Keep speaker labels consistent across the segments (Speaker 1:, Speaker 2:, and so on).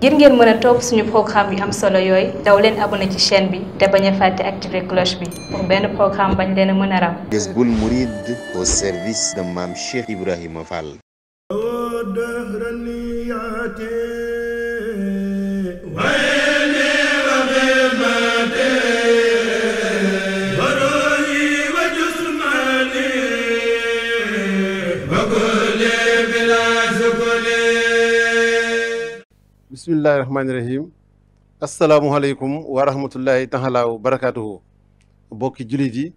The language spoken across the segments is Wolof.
Speaker 1: ngir ngeen mën a topp suñu programme yu am solo yooyu daw leen abonné ci chaîne bi te bañ a fàtte activer cloche bi pour benn programme bañ leen a mën a ram Jazboul Mouride au service de Mame
Speaker 2: Cheikh Ibrahima Fall bismillahi rahmaani rahim asalaamualeykum wa rahmatullahi taala wa barakaatuhu bokki jullit yi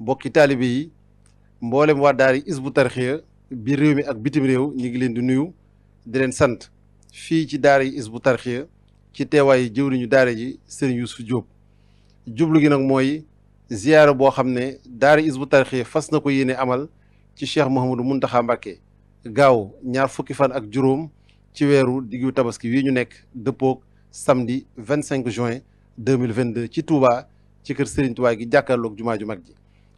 Speaker 2: bokki taalibe yi mboolem waa daari bu tarxiya bi réew mi ak bitim réew ñu ngi leen di nuyu di leen sant fii ci daar daari bu tarxiya ci teewaayu jëwriñu daar ji sëriñ Yuusuf Jóob jublu gi nag mooy ziyaara boo xam ne daari bu tarxiya fas na ko yéene amal ci cheikh Mouhamadou Mountakha Mbacké gaaw ñaar fukki fan ak juróom ci weeru diggu tabaski wi ñu nekk dëppoog samedi 25 juin 2022 ci Touba ci kër Serigne Touba gi jàkkaarloog jumaa ju mag ji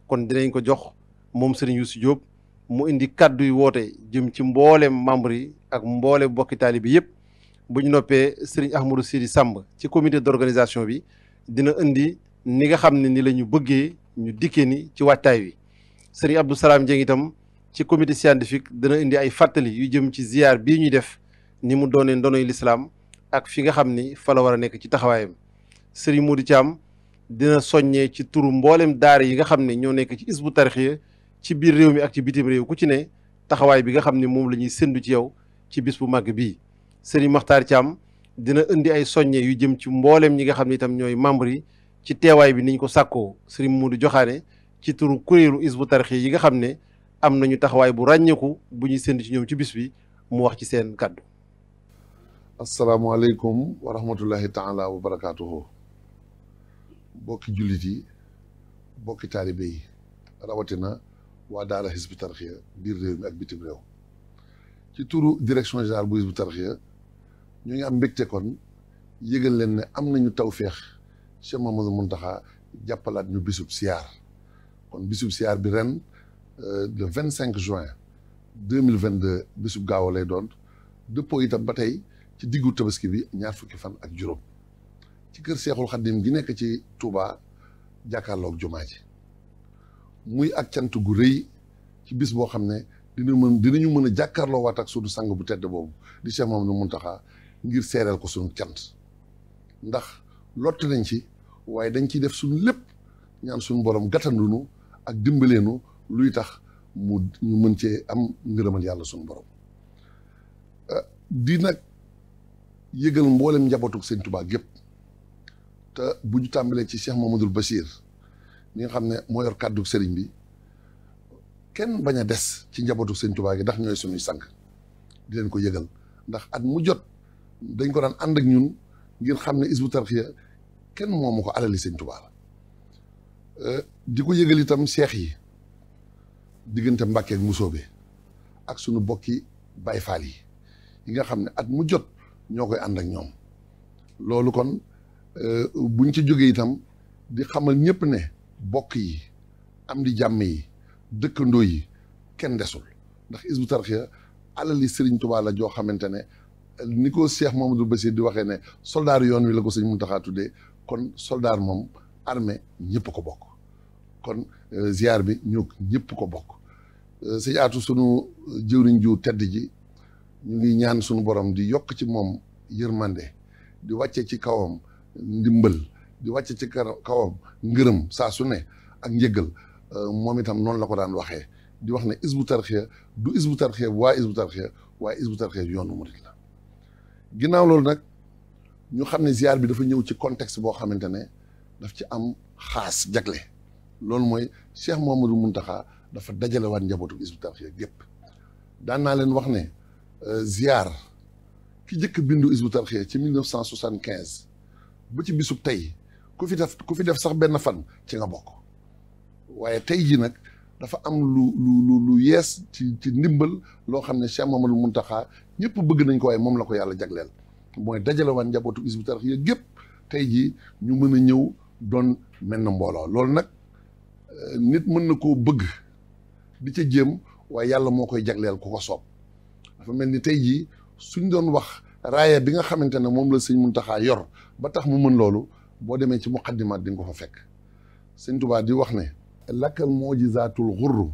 Speaker 2: kon dinañ ko jox moom Serigne Youssou Diop mu indi kàddu yu woote jëm ci mboolem membre yi ak mboolem bokki taalibe yëpp bu ñu noppee Serigne Ahmadou Sidi sàmb ci comité d'organisation bi dina indi ni nga xam ne ni la ñu bëggee ñu dikkee ni ci waajtaay wi Serigne salaam Salam Dieng itam ci comité scientifique dana indi ay fàttali yu jëm ci ziar bii ñuy def ni mu doonee ndonoy lislaam ak fi nga xam ni fa war a nekk ci taxawaayam sëriñ Modou Thiam dina soññee ci turu mboolem daara yi nga xam ne ñoo nekk ci isbu tarxiya ci biir réew mi ak ci bitim réew ku ci ne taxawaay bi nga xam ne moom la ñuy séntu ci yow ci bis bu màgg bii sëriñ Makhtar Thiam dina indi ay soññe yu jëm ci mbooleem ñi nga xam ne itam ñooy membre yi ci teewaay bi niñ ko sàkkoo sëriñ Modou joxaane ci turu kuréelu isbu tarxiya yi nga xam ne am nañu taxawaay bu ràññeeku bu ñuy séntu ci ñoom ci bis bi mu wax ci seen kàddu asalaamualeykum
Speaker 3: wa rahmatullahi taala wa barakaatuhu bokki jullit yi bokki taalibe yi rawatina waa daara Hizbu Tarxiya biir réew mi ak bitim réew ci turu direction générale bu Hizbu Tarxiya ñu ngi am mbégte kon yëgal leen ne am nañu tawféex Cheikh Mamadou Muntaxa jàppalaat ñu bisub siyaar kon bisub siyaar bi ren euh, le vingt cinq juin deux mille vingt deux bisub gaaw lay doon dëppoo itam ba tey ci diggu tabaski bi ñaar fukki fan ak juróom ci kër seexul xaddim gi nekk ci tuubaa jàkkaarloog jumaa ji muy ak cant gu rëy ci bis boo xam ne dina mën dinañu mën a jàkkaarloo waat ak sunu sang bu tedd boobu di nu mun Mountakha ngir seereel ko sunu cant ndax lott nañ ci waaye dañ ciy def suñu lépp ñaan suñu borom gàttandunu ak dimbaleenu luy tax mu ñu mën cee am ngërëmal yàlla suñu borom euh, di yëgal mboolem njabootu Sëñ Tuubaa gépp te bu ñu tàmbalee ci Cheikh Mamadou Bachir mi nga xam ne moo yor kàddu sëriñ bi kenn bañ a des ci njabootu Sëñ Tuubaa gi ndax ñooy suñuy sang di leen ko yëgal ndax at mu jot dañ ko daan ànd ak ñun ngir xam ne Hizbut Tarqiyyah kenn moomu ko alali Sëñ Tuubaa la di ko yëgal itam seex yi diggante Mbàkke ak Musóobe ak suñu bokki Baay Faal yi yi nga xam ne at mu jot ñoo koy ànd ak ñoom loolu kon euh, buñ ci jógee itam di xamal ñëpp ne bokk yi am di jàmm yi dëkkandoo yi kenn desul ndax Hizbut Tarqiyyah alali Serigne Touba la joo xamante ne ni ko Cheikh Mamadou Bassir di waxee ne soldaar yoon wi la ko sëñ Mountakha de kon soldaar moom armée ñëpp ko bokk kon euh, ziar bi ñu ñëpp ko bokk euh, sëñ Atou sunu jëwriñ ju tedd ji ñu ngi ñaan suñu borom di yokk ci moom yërmande di wàcce ci kawam ndimbal di wàcce ci kawam ngërëm saa su ne ak njëgal euh, moom itam noonu la ko daan waxee di wax ne isbu tarxiya du isbu tarxiya waa isbu waaye isbu tarxiya yoonu murit la ginnaaw loolu nag ñu xam ne ziar bi dafa ñëw ci contexte boo xamante ne daf ci am xaas jagle loolu mooy Cheikh Mouhamadou Mountakha dafa dajalewaat waat njabootu isbu tarxiya gépp daan naa leen wax ne Euh, ziar ki njëkk bindu Hizbut Tarqiyyah ci 1975 ba ci bisub tey ku fi def ku fi def sax benn fan ci nga bokk waaye tey jii nag dafa am lu lu lu yees ci ci ndimbal loo xam ne Cheikh mun taxaa ñëpp bëgg nañ ko waaye moom la ko yàlla jagleel mooy dajale waan njabootu Hizbut Tarqiyyah gépp tey jii ñu mën a ñëw doon mel na mbooloo loolu nag euh, nit mën na koo bëgg bi ca jéem waaye yàlla moo koy jagleel ku ko soob. dafa mel ni tey jii suñ doon wax raaya bi nga xamante ne moom la sëñ Muntaxa yor ba tax mu mën loolu boo demee ci muqaddimaat di nga ko fa fekk sëñ di wax ne lakkal mojizaatul xurru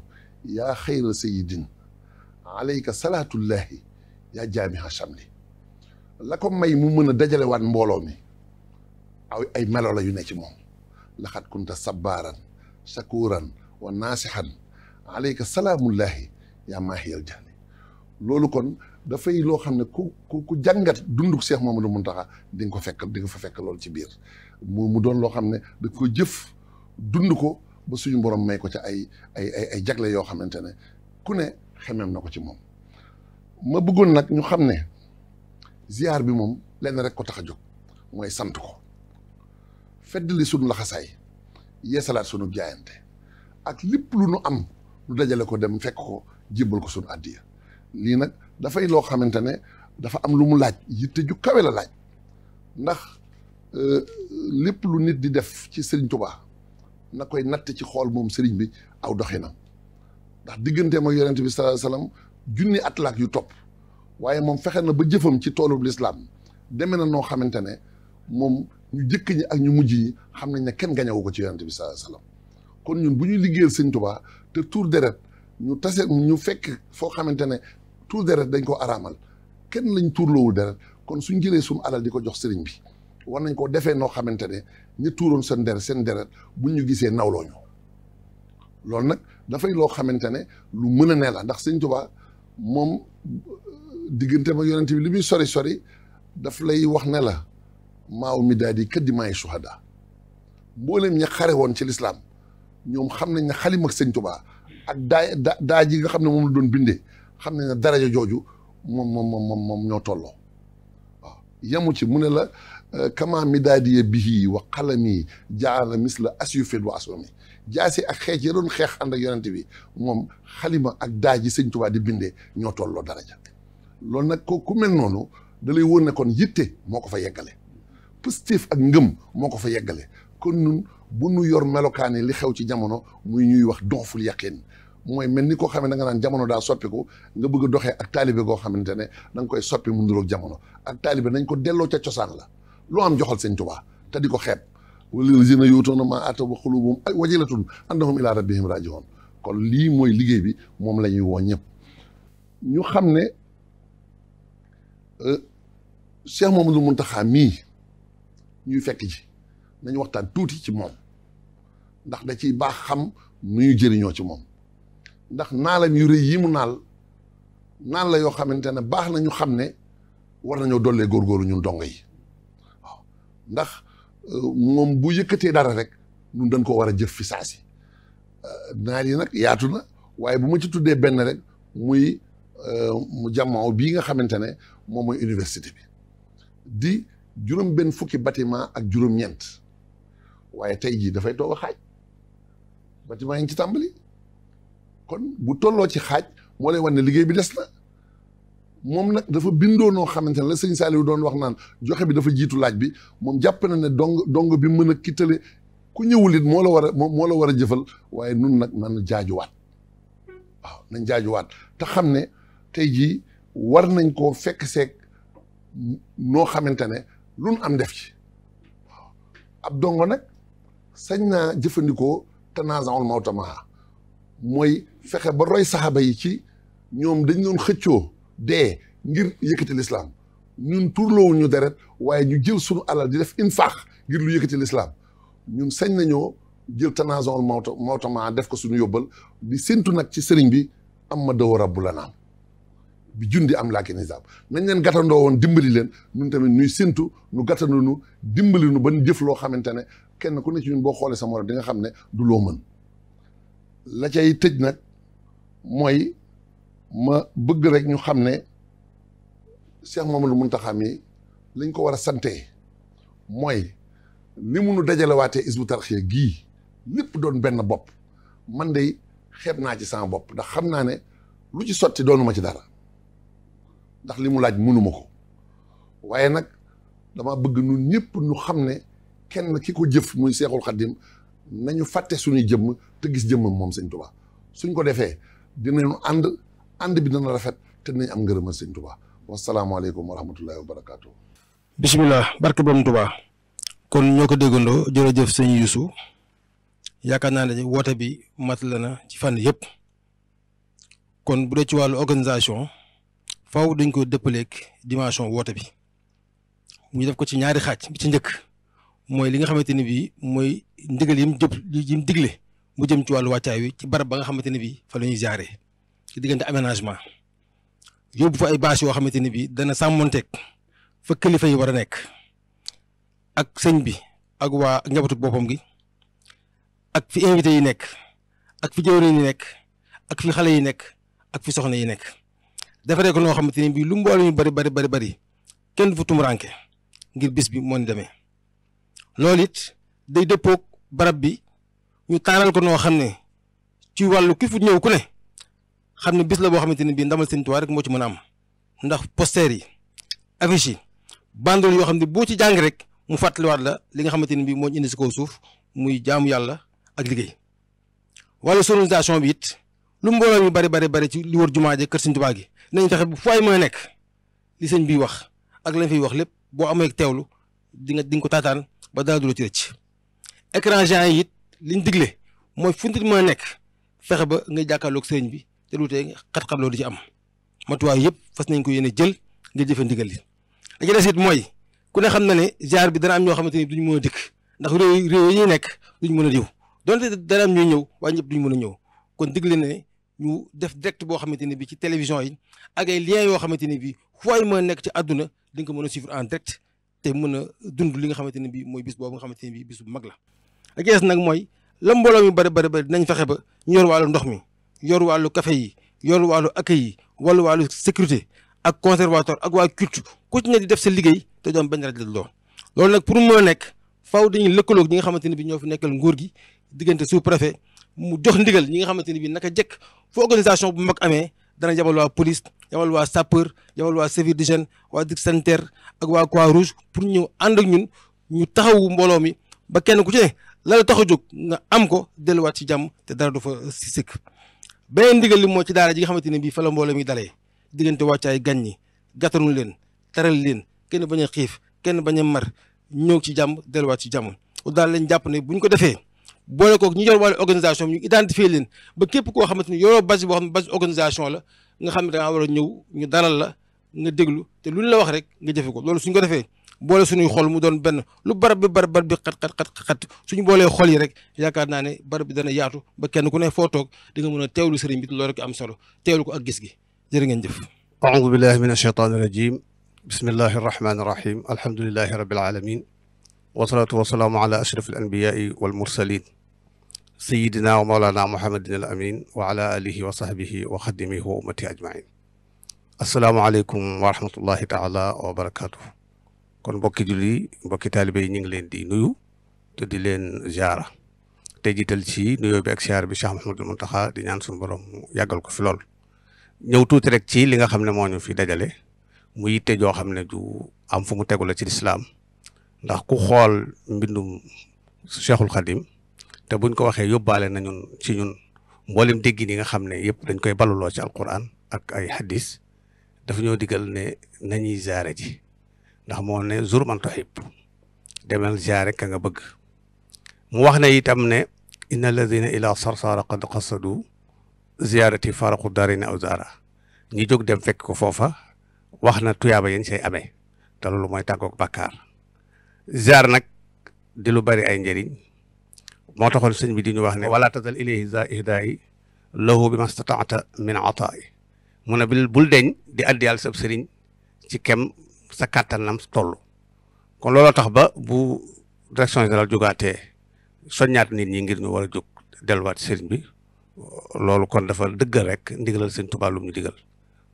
Speaker 3: yaa xayra sayidin alayka salaatullahi yaa jaamiha chamli la ko may mu mën a dajalewaat mbooloo mi aw ay melo la yu ne ci moom laxat kunta sabbaaran shakuuran wa naasixan alayka salaamullahi yaa maahiyal jahli loolu kon dafay loo xam ne ku ku ku jàngat dunduk Cheikh Mamadou Mountakha di nga ko fekk di nga fekk loolu ci biir mu mu doon loo xam ne da ko jëf dund ko ba suñu borom may ko ca ay ay ay jagle yoo xamante ne ku ne xemem na ko ci moom ma bëggoon nag ñu xam ne ziar bi moom lenn rek ko tax a jóg mooy sant ko fedd feddali sunu laxasaay yeesalaat sunu jaayante ak lépp lu nu am lu dajale ko dem fekk ko jébbal ko sunu yi lii nag dafay loo xamante ne dafa am lu mu laaj yitte ju kawe la laaj ndax lépp lu nit di def ci Serigne Touba na koy natt ci xool moom Serigne bi aw doxinam ndax digganteem ak yonent bi sallallahu alayhi wasallam junni at laak yu top waaye mom fexe na ba jëfam ci toolub lislaam deme na noo xamante ne moom ñu jëkk ñi ak ñu mujj ñi xam nañ ne kenn gañawu ko ci yonent bi sallallahu alayhi wasallam kon ñun bu ñu liggéeyal Serigne Touba te tour deret ñu tase ñu fekk foo xamante tuur deret dañ ko araamal kenn lañ tuurloowul deret kon suñ jëlee suñu alal di ko jox sëriñ bi war nañ ko defee noo xamante ne ñu tuuroon seen deret seen deret buñ ñu gisee nawloo loolu nag dafay loo xamante ne lu mën a ne la ndax sëñ Tuubaa moom diggante ma yonent bi li muy sori sori daf lay wax ne la maaw mi daal di kat di maay suhada mbooleem ña xare woon ci lislaam ñoom xam nañ ne xalim ak sëñ Tuubaa ak daay daa daa ji nga xam ne moom la doon bindee xam ne ne daraja jooju moom moom moom moom ñoo tolloo waaw yemu ci mu ne la euh, kama midaadiya bihi wa qalami jaala misla asyufin wa aswami jaasi ak xeec ya doon xeex ànd ak yonente bi moom xalima ak daaj yi sëñ Tuubaa di bindee ñoo tolloo daraja loolu nag ko ku mel noonu da lay wóor ne kon yitte moo ko fa yeggale positif ak ngëm moo ko fa yeggale kon nun bu nu yor melokaani li xew ci jamono muy ñuy wax donful yaqin mooy mel ni koo xam danga da jamono daa soppiku nga bëgg a doxee ak taalibe goo xamante ne da nga koy soppi mu nduroog jamono ak taalibe nañ ko delloo ca cosaan la loo am joxol sëñ Tuubaa te di ko xeeb wallazina yu'tuuna maa aataw wa quluubuhum wajilatun annahum ilaa rabbihim raaji'uun kon lii mooy liggéey bi moom la ñuy woo ñëpp ñu xam ne euh, Cheikh Mamadou Mountakha mii ñuy fekk ji nañu tuuti ci moom ndax da ciy baax xam nu ñu jëriñoo ci moom ndax naalam yu rëy yi mu naal naal la yoo xamante ne baax na ñu xam ne war nañoo dollee góorgóorlu ñun dongo yi waaw ndax euh, moom bu yëkkatee dara rek ñun dañ ko war a jëf fi saa si euh, naal yi nag yaatu na waaye bu ma ci tuddee benn rek muy euh, mu jamono bii nga xamante ne moom mooy université bi di juróom benn fukki bâtiment ak juróom-ñeent waaye tey jii dafay toog a xaaj bâtiment yi ñu ci tàmbali kon bu tolloo ci xaaj moo lay wan ne liggéey bi des na moom nag dafa bindoo noo xamante ne la sëñ Saliou doon wax naan joxe bi dafa jiitu laaj bi moom jàpp na ne dong dong bi mën a kittale ku ñëwulit moo la war a moo la war a jëfal waaye nun nag nan jaajuwaat waaw nañ jaajuwaat te xam ne tey jii war nañ koo fekk seek noo xamante ne lu nu am def ci waaw ab dongo nag sañ naa jëfandikoo tanaza'ul mawtama mooy fexe ba roy saxaaba yi ci ñoom dañ doon xëccoo dee ngir yëkkati lislaam ñun turloowuñu deret waaye ñu jël sunu alal di def infaax ngir lu yëkkati lislaam ñun sañ nañoo jël tanazol mawto mawtama def ko suñu yóbbal di séentu nag ci sëriñ bi am ma dawa rabbu la naam bi di am laakin hisaab nañ leen gàttandoo woon dimbali leen ñun tamit ñuy séntu nu gàttandoo nu dimbali nu ba ñu jëf loo xamante ne kenn ku ne ci ñun boo xoolee sa morom di nga xam ne du loo mën la cay tëj nag mooy ma bëgg rek ñu xam ne lu Mamadou taxam mi lañ ko war a sante mooy li mu nu dajalewaatee Hizbut Tarqiyyah gii lépp doon benn bopp man de xeeb naa ci sama bopp ndax xam naa ne lu ci sotti doonuma ci dara ndax li mu laaj mënuma ko waaye nag dama bëgg nun ñëpp ñu xam ne kenn ki ko jëf muy Seexul Xaddim nañu fàtte suñuy jëmm te gis jëmm moom sëñ Tuubaa suñ ko defee dinañu ànd ànd bi dana rafet te dinañ am ngërëmal sëñ Tuubaa wasalaamaaleykum wa rahmatullahi wa barakaatu.
Speaker 4: bisimilah barke borom kon ñoo ko déggandoo jërëjëf sëñ Youssou yaakaar naa ne woote bi mat la na ci fànn yëpp kon bu dee ci wàllu organisation faaw dañ ko dëppaleeg dimension woote bi ñu def ko ci ñaari xaaj bi ci njëkk mooy li nga xamante ni bii mooy. ndigal yi jëp yim digle mu jëm ci wàllu wàccaay wi ci barab ba nga xamante ne bii fa la ñuy jaaree ci diggante aménagement yóbbu fa ay bâche yoo xamante ne bii dana sàmmonteeg fa kilifa yi war a nekk ak sëñ bi ak waa ak njabootu boppam gi ak fi invité yi nekk ak fi jawriñ yi nekk ak fi xale yi nekk ak fi soxna yi nekk defaree ko noo xamante ne bii lu mbooloo ñu bari bari bari bari kenn du tumuraanke ngir bis bi moo ni demee loolu it day dëppoog barab bi ñu taaral ko noo xam ne ci wàllu ki fu ñëw ku ne xam ne bis la boo xamante ne bii ndamal Sëñ Tuubaa rek moo ci mën a am ndax poster yi affiche yi bandool yoo xam ne boo ci jàng rek mu fàttaliwaat la li nga xamante ne bii mooy ñu indi si ko suuf muy jaamu yàlla ak liggéey wàllu sonorisation bi it lu mbooloo ñu bari bari bari ci li wër jumaa ji kër Sëñ Tuubaa gi nañ fexe bu fay mën a nekk li sëñ biy wax ak lañ fiy wax lépp boo amee teewlu di nga ko taataan ba dara du ci écran yi it li liñ digle mooy fu ma nekk fexe ba nga jàkkaarloog sëriñ bi te lu tee xat-xat loolu di ci am matuwaay yëpp fas nañ ko yéene jël ngir jëfe ndigal li li ci mooy ku ne xam na ne ziar bi dana am ñoo xamante ni duñ mën a dikk ndax réew réew yi ñuy nekk duñ mën a diw donte dana am ñuy ñëw waaye ñëpp ñu mën a ñëw kon digle ne ñu def direct boo xamante ne bi ci télévision yi ak ay liens yoo xamante ne bi fooy mën a nekk ci àdduna di ko mën a suivre en direct te mën a dund li nga xamante ne bi mooy bis boobu nga xamante ne bi bis bu mag la ak yees nag mooy la mbooloo mi bëri bëri bëri dinañ fexe ba ñu yor wàllu ndox mi yor wàllu kafe yi yor wàllu accueil yi wala wàllu sécurité ak conservateur ak waa culture ku ci ne di def sa liggéey te doon benn rajo lool. loolu nag pour moo nekk faw dañuy lëkkaloog ñi nga xamante ne bi ñoo fi nekkal nguur gi diggante sous préfet mu jox ndigal ñi nga xamante ne bi naka jekk fu organisation bu mag amee dana yabal waa police yabal waa sappeur yabal waa de d'hygiène waa district sanitaire ak waa croix rouge pour ñëw ànd ak ñun ñu taxawu mbooloo mi ba kenn ku ci la tax a jóg nga am ko delluwaat ci jàmm te dara du fa si sëkk beneen ndigal li moo ci daara ji nga xamante ne bii fa la mbooloo mi dalee diggante wàccaay gan ñi gàttanuñ leen taral leen kenn bañ xiif kenn bañ a mar ñëw ci jàmm delluwaat ci jàmm daal lañ jàpp ne bu ñu ko defee boole kook ñu yor wàllu organisation ñu identifier leen ba képp koo xamante ni yoroo base boo xam ne base organisation la nga xam ne da war a ñëw ñu dalal la nga déglu te lu la wax rek nga jëfe ko loolu suñ ko defee boole suñuy xol mu doon benn lu barab bi barab barab bi xat xat xat xat suñu boolee xol yi rek yaakaar naa ne barab bi dana yaatu ba kenn ku ne foo toog di nga mën a teewlu sëriñ bi loolu rek am solo teewlu ko ak gis gi
Speaker 5: jërë ngeen jëf aoudu billahi min ashaytaani rajim bismillahi arrahmani irrahim alhamdulilahi rabbil alamin wasalaatu wasalaamu ala ashraf al anbiyai wal mursalin sayidina wa maolana muhammadin al amin wa ala alihi wa sahbihi wa xadimihi wa ummati ajmain asalaamaaleykum wa rahmatullahi taala wa barakatuh kon mbokki julli mbokki taalibe yi ñu ngi leen di nuyu te di leen ziara te jiital ci nuyoo bi ak ziar bi Cheikh Mouhamadou Mountakha di ñaan suñu borom ko fi lool ñëw tuuti rek ci li nga xam ne moo ñu fi dajale mu yitte joo xam ne ju am fu mu tegu la ci lislaam ndax ku xool mbindum Cheikhul Khadim te buñ ko waxee yóbbaale na ñun ci ñun mboolem déggin yi nga xam ne yëpp dañ koy baluloo ci alquran ak ay hadis dafa ñoo digal ne nañuy zaare ji ndax mo ne jour man tohib demel ziare ka nga bëgg mu wax ne itam ne inna alladhina ila sarsar qad qasadu ziyarati faraqu darina aw zara ñi jóg dem fekk ko fofa wax na tuyaaba yañ say amee te loolu mooy tàggoog bakar ziar nak di lu bari ay njëriñ mo taxol sëñ bi di ñu wax ne wala tazal ilayhi zaihdayi lahu bima stata'ta min ata'i mu ne bil bul deñ di addi sab sëriñ ci kem sa kàttanam toll kon looloo tax ba bu direction générale jógaatee soññaat nit ñi ngir ñu war a jóg delluwaat sëriñ bi loolu kon dafa dëggal rek ndigalal sëñ Tuubaa lu ñu digal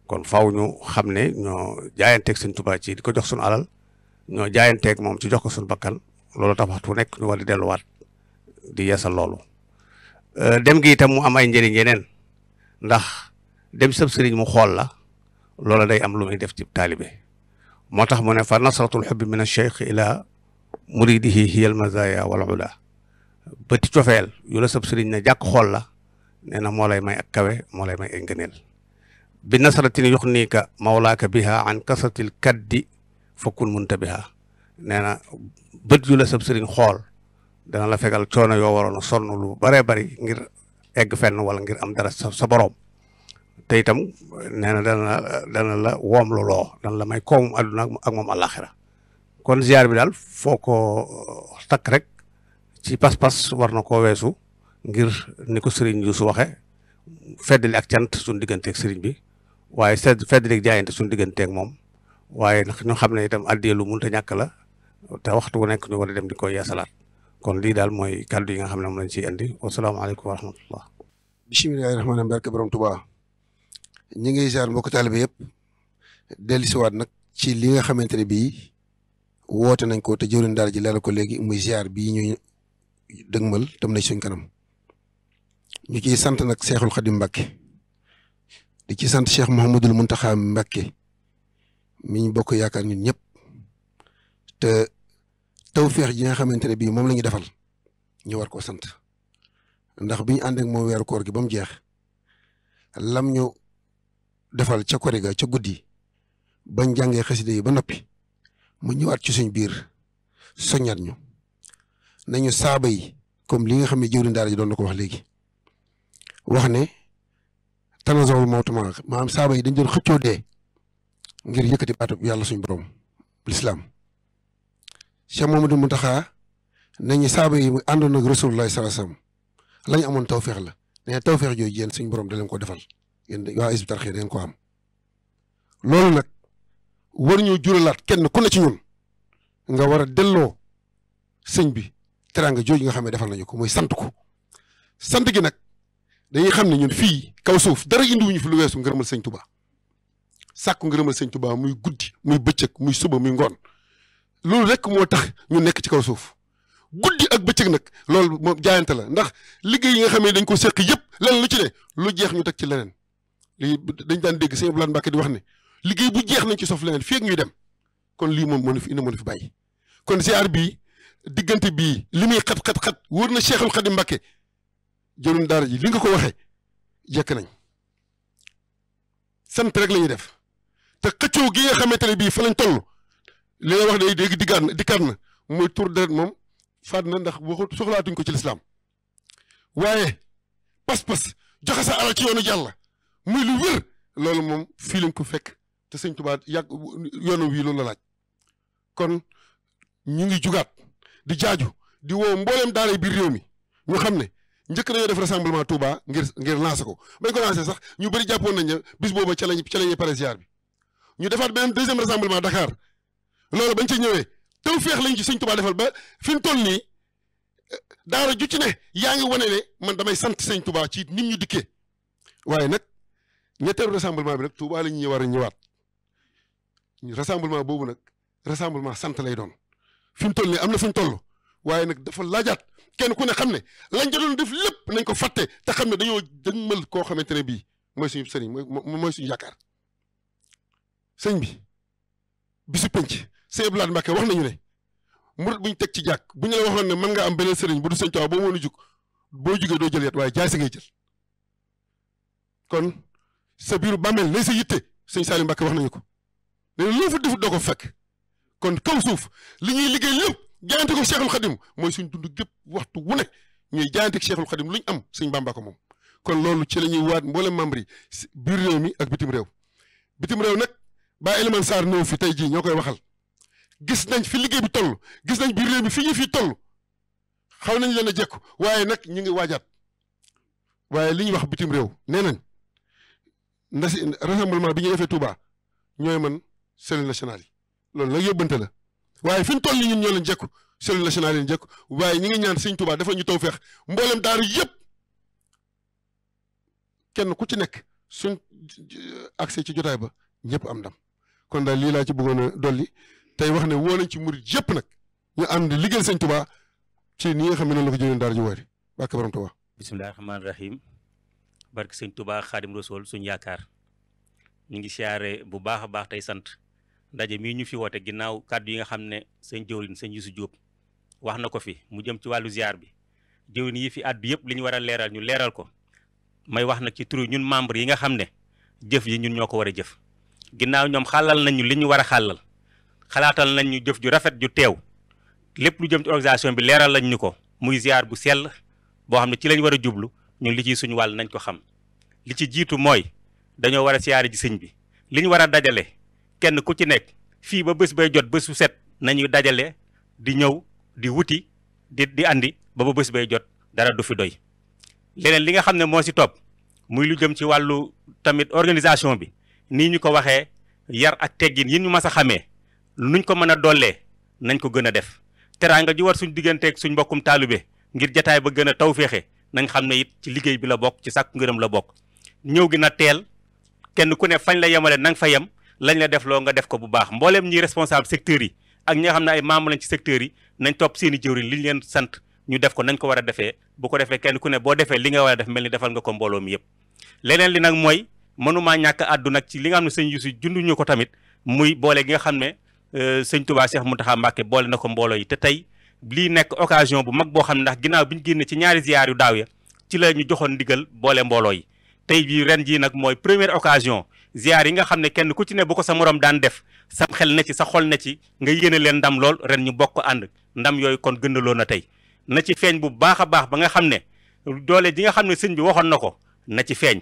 Speaker 5: kon faw ñu xam ne ñoo jaayanteeg sëñ Tuubaa ci di ko jox suñu alal ñoo jaayanteeg moom ci jox ko suñu bakkan loolu tax waxtu nekk ñu war di delluwaat di yeesal loolu euh, dem gi itam mu am ay njëriñ yeneen ndax dem sëb sëriñ mu xool la loola day am lu muy def ci taalibe موتاح من فنصرة الحب من الشيخ إلى مريده هي المزايا والعلا بتي توفال يلسب سرين جاك خول لا نانا مولاي ماي اكاوي مولاي ماي انغنيل بالنصرة يخنيك مولاك بها عن كثرة الكد فكون منتبها نانا بت يلسب سرين خول دا لا فغال تشونا يو ورون سونو لو بري بري غير اغ فن ولا غير ام دراس سبروم te itam nee na dana dana la woom lu loo dana la may koom àdduna ak moom àllaaxira kon ziar bi daal foo ko takk rek ci pas-pas war na koo weesu ngir ni ko sëriñ Yuusu waxe feddali ak cant suñu digganteeg sëriñ bi waaye sedd feddali ak jaayante suñu digganteek moom waaye nag ñu xam ne itam addee lu mënta ñàkk la te waxtu wu nekk ñu war dem di koy yeesalaat kon lii daal mooy kàddu yi nga xam ne moom lañ ci indi wasalaamaaleykum wa rahmatullah
Speaker 6: ñi ngi ziar mbokk taalibe yëpp dellusiwaat nag ci li nga xamante ne bii woote nañ ko te jëwriñ daal ji leeral ko léegi muy ziar bii ñuy dëgmal tam nañ suñ kanam ñu ciy sant nag Seexul Xadim mbake di ci sant Cheikh Mouhamadul Mountakha Mbàkke mi ñu bokk yaakaar ñun ñëpp te tew tawféex ji nga xamante ne bii moom la defal ñu war koo sant ndax bi ñu ànd ak moom weeru koor gi ba mu jeex lam ñu defal ca kore ga ca guddii bañ jàngee xasida yi ba noppi mu ñëwaat ci suñ biir soññaat ñu nañu saaba yi comme li nga xam ne jëwriñ daara ji doon na ko wax léegi wax ne tanazawul mawtuma maanaam saaba yi dañ doon xëccoo dee ngir yëkkati baatu yàlla suñ borom lislaam Cheikh Mamadou Mountakha nañu saaba yi mu ak rasulullah sallallahu alayhi wasallam lañ amoon tawfeex la ne tawfeex jooju yéen suñ borom da leen ko defal yéen waa Hizbut Tarqiyyah da ngeen ko am loolu nag war ñu juralaat kenn ku ne ci ñun nga war a delloo sëñ bi teraanga jooju nga xam ne defal nañu ko muy sant ko
Speaker 7: sant gi nag dañuy xam ne ñun fii kaw suuf dara indiwuñu fi lu weesu ngërëmal sëñtu Tuubaa sàkku ngërëmal sëñ Tuubaa muy guddi muy bëccëg muy suba muy ngoon loolu rekk moo tax ñu nekk ci kaw suuf guddi ak bëccëg nag loolu moom jaayante la ndax liggéey yi nga xamee dañ ko seq yëpp lenn lu ci ne lu jeex ñu teg ci leneen lii dañ daan dégg sëñ Abdoulaye mbakke di wax ne liggéey bu jeex nañ ci sof leneen fii ñuy dem kon lii moom moon fi indi mënu fi bàyyi kon ziar bii diggante bii li muy xat xat xat wóor na Cheikhul Khadim Mbacke jëlum daara ji li nga ko waxee jekk nañ sant rek la def te xëccoo gi nga xamante ne bii fa lañ toll li nga wax day dégg diggaat na dikkaat na mooy tur deret moom faat na ndax waxut soxlaatuñ ko ci lislaam waaye pas-pas joxe alal ci yoonu yàlla muy lu wér loolu moom fii lañ ko fekk te sëñ Tuubaa yàgg yoonam wii loolu la laaj kon ñu ngi jugaat di jaaju di woo mbooleem daara biir réew mi ñu xam ne njëkk nañoo def rassemblement Touba ngir ngir lancé ko bañ ko lancé sax ñu bëri jàppoon nañ ne bis booba ca lañ ca lañuy pare ziar bi ñu defaat beneen deuxième rassemblement Dakar loolu bañ ca ñëwee taw feex lañ ci sëñ Touba ba fi mu toll nii daara ju ci ne yaa ngi wane man damay sant sëñ Touba ci nit ñu dikkee waaye nag ñetteelu rassemblement bi nag Touba la ñuy war a ñëwaat rassemblement boobu nag rassemblement sant lay doon fi mu toll nii am na fu ñu toll waaye nag dafa laajaat kenn ku ne xam ne lañ doon def lépp nañ ko fàtte te xam ne dañoo dëgmal koo xamante ne bii mooy suñu sëriñ mooy mooy suñu yaakaar sëñ bi bisu penc sëñ Abdou Lahad wax nañu ne murit buñ teg ci jàkk bu ñu la waxoon ne mën nga am beneen sëriñ bu du sëñ Tuubaa boo mën a jug boo jugee doo jël waaye jaay sa ngay jël kon sa biiru bamel lay sa yitte seigne salim bakay wax nañu ko ne loo fa def doo ko fekk kon kaw suuf li ñuy liggéey lépp jaante ko Cheikhul Khadim moy suñ dund gep waxtu wu ne ñuy jaante ko Cheikhul Khadim luñ am seigne Bamba ko mom kon lolu ci lañuy waat mbolé membre biir réew mi ak bitim réew bitim réew nak ba Eliman sar ñëw fi tay ji ñokoy waxal gis nañ fi liggéey bi toll gis nañ biir réew mi fi ñi fi toll xaw nañ leena a jekku waaye nag ñu ngi wajjat waye liñ wax bitim réew nenañ nda si rassemblement bi ñuy defee Touba ñooy man cellule nationale yi loolu nag yóbbante la waaye fi ñu toll ñun ñoo leen jekku cellule nationale yi jekku waaye ñi ngi ñaan Sëñ Touba dafa ñu taw feex mboolem daaru yëpp kenn ku ci nekk suñ eh, accès ci jotaay ba ñëpp am ndam kon daal lii laa ci bëggoon a dolli tey wax ne woo nañ ci murit yëpp nag ñu ànd liggéeyal Sëñ Touba ci ni nga xam ne noonu la ko jëlee daara ji woori bàkk borom Touba
Speaker 1: bismillaahi rahmaani barke sëñ Touba xaadim rasool suñ yaakaar ñu ngi siyaare bu baax a baax tey sant ndaje mii ñu fi woote ginnaaw kàddu yi nga xam ne sëñ jëwriñ sëñ su Jóob wax na ko fi mu jëm ci wàllu ziar bi jëwriñ yi fi àddu yëpp li ñu war a leeral ñu leeral ko may wax na ci turu ñun membre yi nga xam ne jëf yi ñun ñoo ko war a jëf ginnaaw ñoom xàllal nañu li ñu war a xàllal xalaatal nañ ñu jëf ju rafet ju teew lépp lu jëm ci organisation bi leeral lañ ñu ko muy ziar bu sell boo xam ne ci lañ war a jublu ñun li ciy suñu wàll nañ ko xam li ci jiitu mooy dañoo war a siyaare ji sëñ bi liñ war a dajale kenn ku ci nekk fii ba bës bay jot bésu set nañu dajale di ñëw di wuti di di andi ba ba bës bay jot dara du fi doy. leneen li nga xam ne moo si topp muy lu jëm ci wàllu tamit organisation bi nii ñu ko waxee yar ak teggin yi ñu mas a xamee nuñ ko mën a dollee nañ ko gën a def teraanga ju war suñ digganteek suñ mbokkum taalibe ngir jataay ba gën a taw féexe nañ xam ne it ci liggéey bi la bokk ci sàkku ngërëm la bokk ñëw gi na teel kenn ku ne fañ la yemale na nga fa yem lañ la def loo nga def ko bu baax mbooleem ñi responsable secteurs yi ak ñi xam ne ay membre lañ ci secteurs yi nañ topp seen i jëwriñ leen sant ñu def ko nañ ko war a defee bu ko defee kenn ku ne boo defee li nga war a def mel ni defal nga ko mbooloo mi yëpp leneen li nag mooy mënumaa ñàkk àddu nag ci li nga xam ne sëñ Yuusu junduñu ko tamit muy boole gi nga xam ne euh, sëñ Tuubaa Seex mu Muntaxa Mbàkke boole na ko mbooloo yi te tey lii nekk occasion bu mag boo xam ne ndax ginaaw bi ñu génne ci ñaari ziyaar yu daaw ya ci la ñu joxoon ndigal boole mbooloo tey jii ren jii nag mooy première occasion ziyaar yi nga xam ne kenn ku ci ne bu ko sa morom daan def sa xel na ci sa xol na ci nga yéene leen ndam lool ren ñu bokk ànd ndam yooyu kon gëndaloo na tey na ci feeñ bu baax a baax ba nga xam ne doole ji nga xam ne sëñ bi waxoon na ko na ci feeñ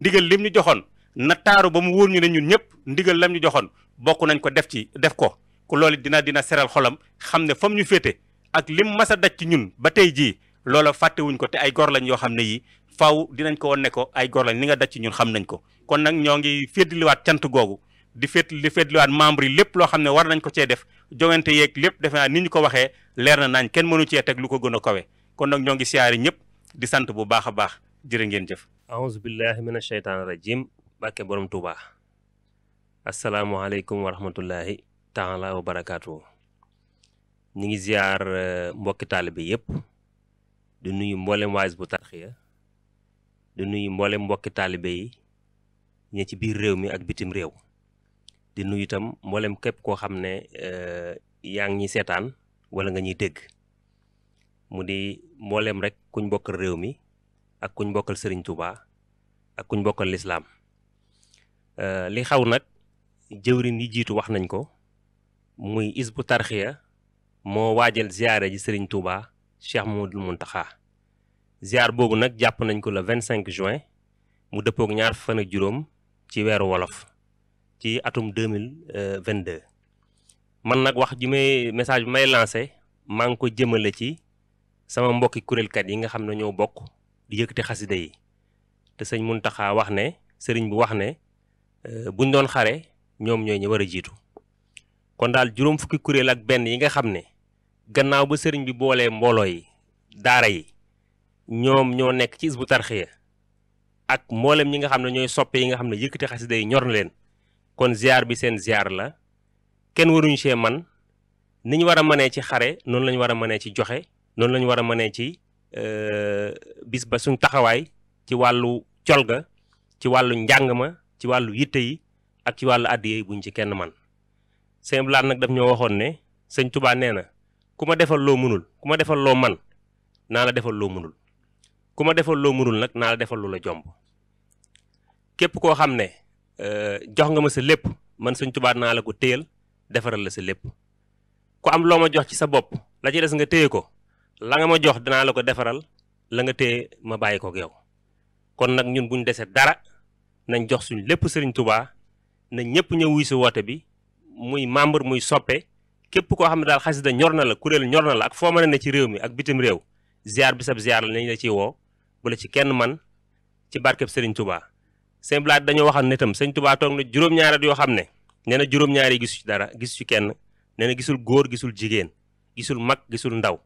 Speaker 1: ndigal lim ñu joxoon na taaru ba mu wóor ñu ne ñun ñëpp ndigal lam ñu joxoon bokk nañ ko def ci def ko ku loolu dina dina seral xolam xam ne fam ñu féete ak lim mas a daj ci ñun ba tey jii loola fàttewuñ ko te ay gor lañ yoo xam ne yi faw dinañ ko woon ne ko ay gor lañ ni nga daj ci ñun xam nañ ko kon nag ñoo ngi féetliwaat cant googu di féet di féetliwaat membre yi lépp loo xam ne war nañ ko cee def jongante yeeg lépp defe ni ñu ko waxee leer na naañ kenn mënu cee teg lu ko gën a kawe kon nag ñoo ngi siyaari ñëpp di sant bu baax a baax jërë ngeen jëf
Speaker 8: aouzu billahi mina sheytaani rajim bàkke borom tuubaa asalaamaaleykum wa rahmatullahi taala wa barakaatu ñi ngi ziar eh, mbokki taalibe yépp di nuyu mboolem waayis bu tarxiya di nuyu mboolem mbokki taalibe yi ñi ci biir réew mi ak bitim réew di nuyu tam mboolem képp ko xam euh eh, yaang ñi wala nga ñi dégg mu di rek kuñ bokkal réew mi ak kuñ bokkal Serigne Touba ak kuñ bokkal euh li xaw nak jëwrin yi jitu wax nañ ko muy is tarxiya moo waajal ziare ji Serigne Touba Cheikh Mouhamadoul Mountakha ziar boobu nag jàpp nañ ko le 25 juin mu dëppook ñaar fan ak juróom ci weeru wolof ci atum 2022 man nag wax ji may message bi may lancé maa ngi ko jëmale ci sama mbokki kuréelkat yi nga xam ne ñoo bokk di yëkkati xasida yi te sëñ Mountakha wax ne sëriñ bu wax ne euh, buñ doon xare ñoom ñooy ñu war a jiitu kon dal juróom fukki kurel ak ben yi nga xamne gannaaw ba serigne bi boole mbolo yi daara yi ñoom ño nek ci isbu tarxiya ak mboolem yi nga xamne ñoy soppe yi nga xamne yëkëti yëkkati yi ñor na leen kon ziar bi seen ziar la ken waruñ ci man niñ wara mané ci xaré non lañ wara mané ci joxé non lañ wara mané ci euh bis ba suñ taxaway ci walu colga ci walu njangama ci walu yitte yi ak ci walu àddiya buñ ci kenn man sëñ Abdou nag daf ñoo waxoon ne sëñ Touba nee na ku ma defal loo mënul ku ma defal loo man naa la defal loo mënul ku ma defal loo mënul nag naa la defal lu la jomb képp koo xam ne euh, jox nga ma sa lépp man sëñ Touba naa la ko téyal defaral la sa lépp ku am loo ma jox ci sa bopp la ci des nga téye ko la nga ma jox dinaa la ko defaral la nga téye ma bàyyi ko yow kon nag ñun buñ deseet dara nañ jox suñu lépp sëriñ Touba na ñëpp ñëw wuy si woote bi muy membre muy soppe képp koo xam ne daal xasida ñor na la kuréel ñor na la ak foo man a ne ci réew mi ak bitim réew ziar bi sab ziar la nañ la ciy woo bu la ci kenn man ci barkeb Serigne Touba. Sëñ Blaat dañoo waxoon ne tam Sëñ Touba toog na juróom-ñaari yoo xam ne nee na juróom-ñaari gisu ci dara gisu ci kenn nee gisul góor gisul jigéen gisul mag gisul ndaw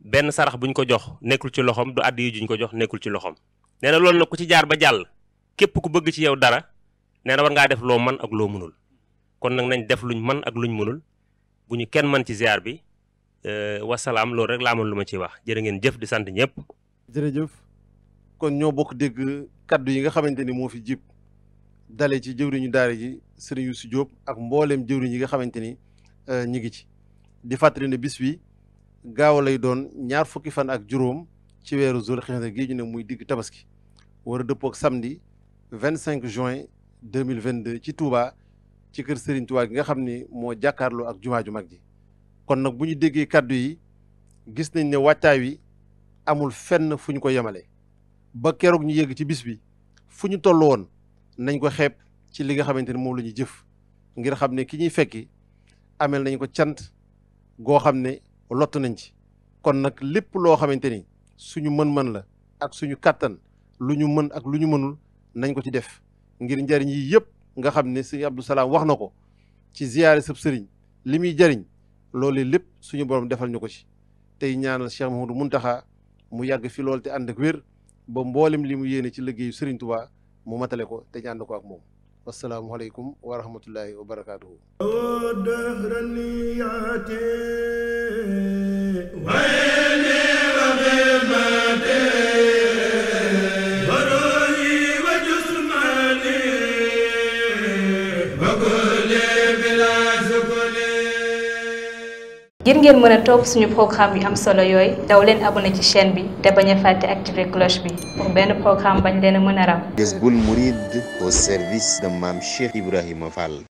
Speaker 8: benn sarax buñ ko jox nekkul ci loxoom du àddi yi juñ ko jox nekkul ci loxoom. nee na loolu nag ku ci jaar ba jàll képp ku bëgg ci yow dara nee na war ngaa def loo man ak loo mënul kon nag nañ def luñ man ak luñ mënul bu ñu kenn man ci ziar bi euh, wasalaam loolu rek laa amoon lu ma ciy wax jërë ngeen jëf di sant ñëpp.
Speaker 2: jërëjëf kon ñoo bokk dégg kàddu yi nga xamante ni moo fi jib dale ci jëwriñu daara ji sëriñ si Diop ak mbooleem jëwriñ yi nga xamante ni euh, ñu ngi ci. di fàttali ne bis bi gaaw lay doon ñaar fukki fan ak juróom ci weeru zul xinda gi ñu ne muy digg tabaski war a dëppoo ak samedi 25 juin 2022 ci Touba. ci kër Serigne Touba gi nga xam ni moo jàkkaarloo ak jumaa ju mag ji kon nag bu ñu déggee kàddu yi gis nañ ne wàccaay wi amul fenn fu ñu ko yemale ba keroog ñu yegg ci bis bi fu ñu toll woon nañ ko xeeb ci li nga xamante ni moom la ñuy jëf ngir xam ne ki ñuy fekki ameel nañ ko cant goo xam ne lott nañ ci kon nag lépp loo xamante ni suñu mën-mën la ak suñu kàttan lu ñu mën ak lu ñu mënul nañ ko ci def ngir njariñ yi yëpp nga xam ne sëñ Abdou Salaam wax na ko ci ziyaare sab sëriñ li muy jëriñ loolu lépp suñu borom defal ñu ko ci te ñaanal Cheikh Mouhamadou taxa mu yàgg fi loolu te ànd ak wér ba mboolem li mu yéene ci liggéeyu sëriñ Touba mu matale ko te ñu ko ak moom wasalaamualeykum wa rahmatullahi wa barakaatuhu.
Speaker 1: ngir ngeen mën a toog suñu programme yu am solo yooy daw leen abonné ci chaîne bi te bañ a fàtte activer cloche bi pour benn programme bañ leen a mën a raw Jazboul Mouride au service de Mame Cheikh Ibrahima Fall